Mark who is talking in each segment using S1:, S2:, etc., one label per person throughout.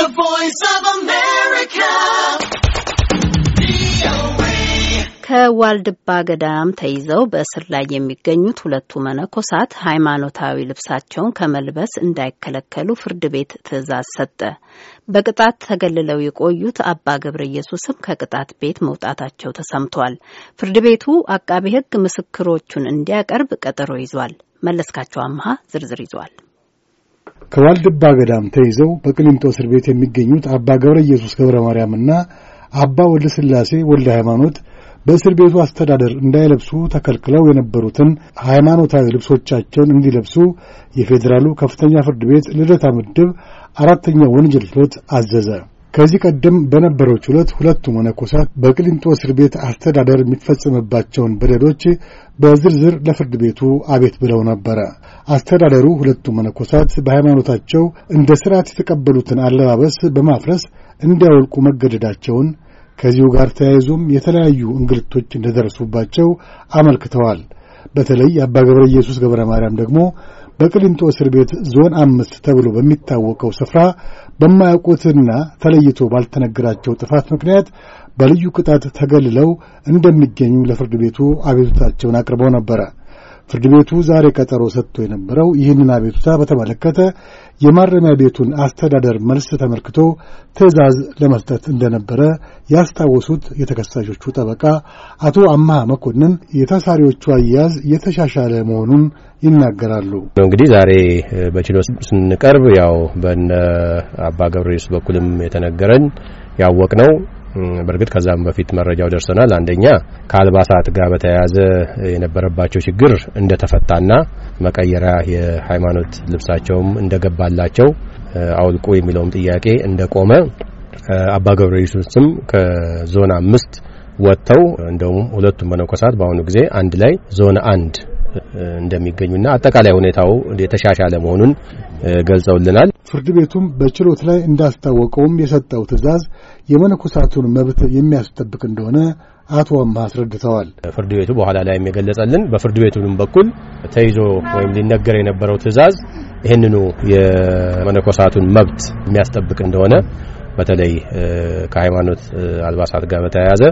S1: The Voice of America. ከዋልድባ ገዳም ተይዘው በእስር ላይ የሚገኙት ሁለቱ መነኮሳት ሃይማኖታዊ ልብሳቸውን ከመልበስ እንዳይከለከሉ ፍርድ ቤት ትዕዛዝ ሰጠ። በቅጣት ተገልለው የቆዩት አባ ገብረ ኢየሱስም ከቅጣት ቤት መውጣታቸው ተሰምቷል። ፍርድ ቤቱ አቃቤ ሕግ ምስክሮቹን እንዲያቀርብ ቀጠሮ ይዟል። መለስካቸው አምሃ ዝርዝር ይዟል።
S2: ከዋልድባ ገዳም ተይዘው በቅሊንጦ እስር ቤት የሚገኙት አባ ገብረ ኢየሱስ ገብረ ማርያምና አባ ወልደ ሥላሴ ወልደ ሃይማኖት በእስር ቤቱ አስተዳደር እንዳይለብሱ ተከልክለው የነበሩትን ሃይማኖታዊ ልብሶቻቸውን እንዲለብሱ የፌዴራሉ ከፍተኛ ፍርድ ቤት ልደታ ምድብ አራተኛው ወንጀል ችሎት አዘዘ። ከዚህ ቀደም በነበረው ችሎት ሁለቱ መነኮሳት በቅሊንጦ እስር ቤት አስተዳደር የሚፈጸምባቸውን በደሎች በዝርዝር ለፍርድ ቤቱ አቤት ብለው ነበረ። አስተዳደሩ ሁለቱ መነኮሳት በሃይማኖታቸው እንደ ሥርዓት የተቀበሉትን አለባበስ በማፍረስ እንዲያወልቁ መገደዳቸውን ከዚሁ ጋር ተያይዞም የተለያዩ እንግልቶች እንደደረሱባቸው አመልክተዋል። በተለይ አባ ገብረ ኢየሱስ ገብረ ማርያም ደግሞ በቅሊንጦ እስር ቤት ዞን አምስት ተብሎ በሚታወቀው ስፍራ በማያውቁትና ተለይቶ ባልተነገራቸው ጥፋት ምክንያት በልዩ ቅጣት ተገልለው እንደሚገኙ ለፍርድ ቤቱ አቤቱታቸውን አቅርበው ነበረ። ፍርድ ቤቱ ዛሬ ቀጠሮ ሰጥቶ የነበረው ይህንን አቤቱታ በተመለከተ የማረሚያ ቤቱን አስተዳደር መልስ ተመልክቶ ትዕዛዝ ለመስጠት እንደነበረ ያስታወሱት የተከሳሾቹ ጠበቃ አቶ አማሃ መኮንን የታሳሪዎቹ አያያዝ የተሻሻለ መሆኑን ይናገራሉ።
S1: እንግዲህ ዛሬ በችሎ ስንቀርብ ያው በነ አባ ገብረየሱስ በኩልም የተነገረን ያወቅ ነው በእርግጥ ከዛም በፊት መረጃው ደርሰናል። አንደኛ ከአልባሳት ጋር በተያያዘ የነበረባቸው ችግር እንደተፈታና መቀየሪያ የሃይማኖት ልብሳቸውም እንደገባላቸው አውልቁ የሚለውም ጥያቄ እንደቆመ አባ ገብረ ኢየሱስም ከዞን አምስት ወጥተው እንደውም ሁለቱም መነኮሳት በአሁኑ ጊዜ አንድ ላይ ዞን አንድ እንደሚገኙና አጠቃላይ ሁኔታው የተሻሻለ መሆኑን ገልጸውልናል።
S2: ፍርድ ቤቱም በችሎት ላይ እንዳስታወቀውም የሰጠው ትዕዛዝ የመነኮሳቱን መብት የሚያስጠብቅ እንደሆነ አቶ አማ አስረድተዋል።
S1: ፍርድ ቤቱ በኋላ ላይ የገለጸልን በፍርድ ቤቱንም በኩል ተይዞ ወይም ሊነገር የነበረው ትዕዛዝ ይህንኑ የመነኮሳቱን መብት የሚያስጠብቅ እንደሆነ በተለይ ከሃይማኖት አልባሳት ጋር በተያያዘ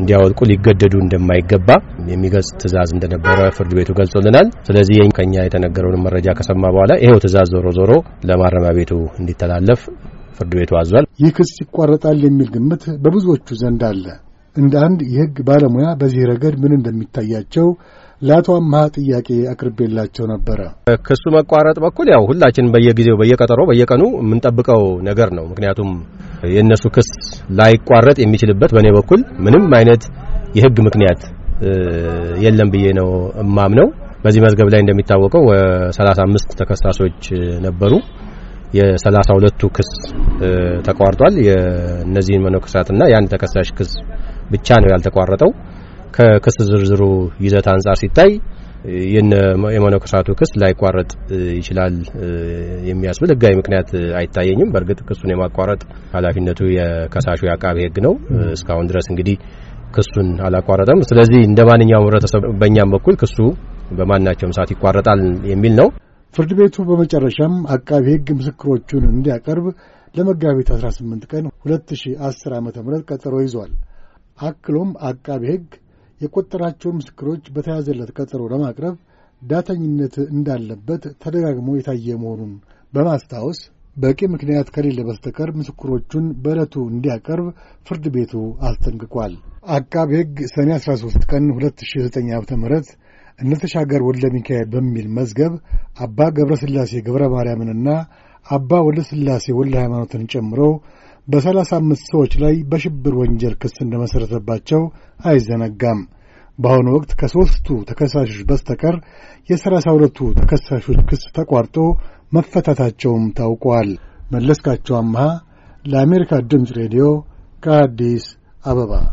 S1: እንዲያወልቁ ሊገደዱ እንደማይገባ የሚገልጽ ትዕዛዝ እንደነበረ ፍርድ ቤቱ ገልጾልናል። ስለዚህ ከኛ የተነገረውን መረጃ ከሰማ በኋላ ይኸው ትዕዛዝ ዞሮ ዞሮ ለማረሚያ ቤቱ እንዲተላለፍ ፍርድ ቤቱ አዟል።
S2: ይህ ክስ ይቋረጣል የሚል ግምት በብዙዎቹ ዘንድ አለ። እንደ አንድ የህግ ባለሙያ በዚህ ረገድ ምን እንደሚታያቸው ለአቶ አምሃ ጥያቄ አቅርቤላቸው ነበረ።
S1: ክሱ መቋረጥ በኩል ያው ሁላችን በየጊዜው በየቀጠሮ በየቀኑ የምንጠብቀው ነገር ነው። ምክንያቱም የእነሱ ክስ ላይቋረጥ የሚችልበት በእኔ በኩል ምንም አይነት የህግ ምክንያት የለም ብዬ ነው እማምነው። በዚህ መዝገብ ላይ እንደሚታወቀው 35 ተከሳሾች ነበሩ። የሰላሳ ሁለቱ ክስ ተቋርጧል። የእነዚህን መነኮሳትና የአንድ ተከሳሽ ክስ ብቻ ነው ያልተቋረጠው። ከክስ ዝርዝሩ ይዘት አንጻር ሲታይ የመነኮሳቱ ክስ ላይቋረጥ ይችላል የሚያስብል ህጋዊ ምክንያት አይታየኝም። በእርግጥ ክሱን የማቋረጥ ኃላፊነቱ የከሳሹ የአቃቤ ህግ ነው። እስካሁን ድረስ እንግዲህ ክሱን አላቋረጠም። ስለዚህ እንደ ማንኛውም ህብረተሰብ በእኛም በኩል ክሱ በማናቸውም ሰዓት ይቋረጣል የሚል
S2: ነው። ፍርድ ቤቱ በመጨረሻም አቃቢ ህግ ምስክሮቹን እንዲያቀርብ ለመጋቢት 18 ቀን 2010 ዓ ም ቀጠሮ ይዟል። አክሎም አቃቢ ህግ የቆጠራቸው ምስክሮች በተያዘለት ቀጠሮ ለማቅረብ ዳተኝነት እንዳለበት ተደጋግሞ የታየ መሆኑን በማስታወስ በቂ ምክንያት ከሌለ በስተቀር ምስክሮቹን በዕለቱ እንዲያቀርብ ፍርድ ቤቱ አስጠንቅቋል። አቃቤ ሕግ ሰኔ 13 ቀን 2009 ዓ ም እነተሻገር ወልደ ሚካኤል በሚል መዝገብ አባ ገብረ ሥላሴ ገብረ ማርያምንና አባ ወልደ ሥላሴ ወልደ ሃይማኖትን ጨምሮ በሰላሳ አምስት ሰዎች ላይ በሽብር ወንጀል ክስ እንደመሠረተባቸው አይዘነጋም። በአሁኑ ወቅት ከሦስቱ ተከሳሾች በስተቀር የሰላሳ ሁለቱ ተከሳሾች ክስ ተቋርጦ መፈታታቸውም ታውቋል። መለስካቸው አምሃ ለአሜሪካ ድምፅ ሬዲዮ ከአዲስ አበባ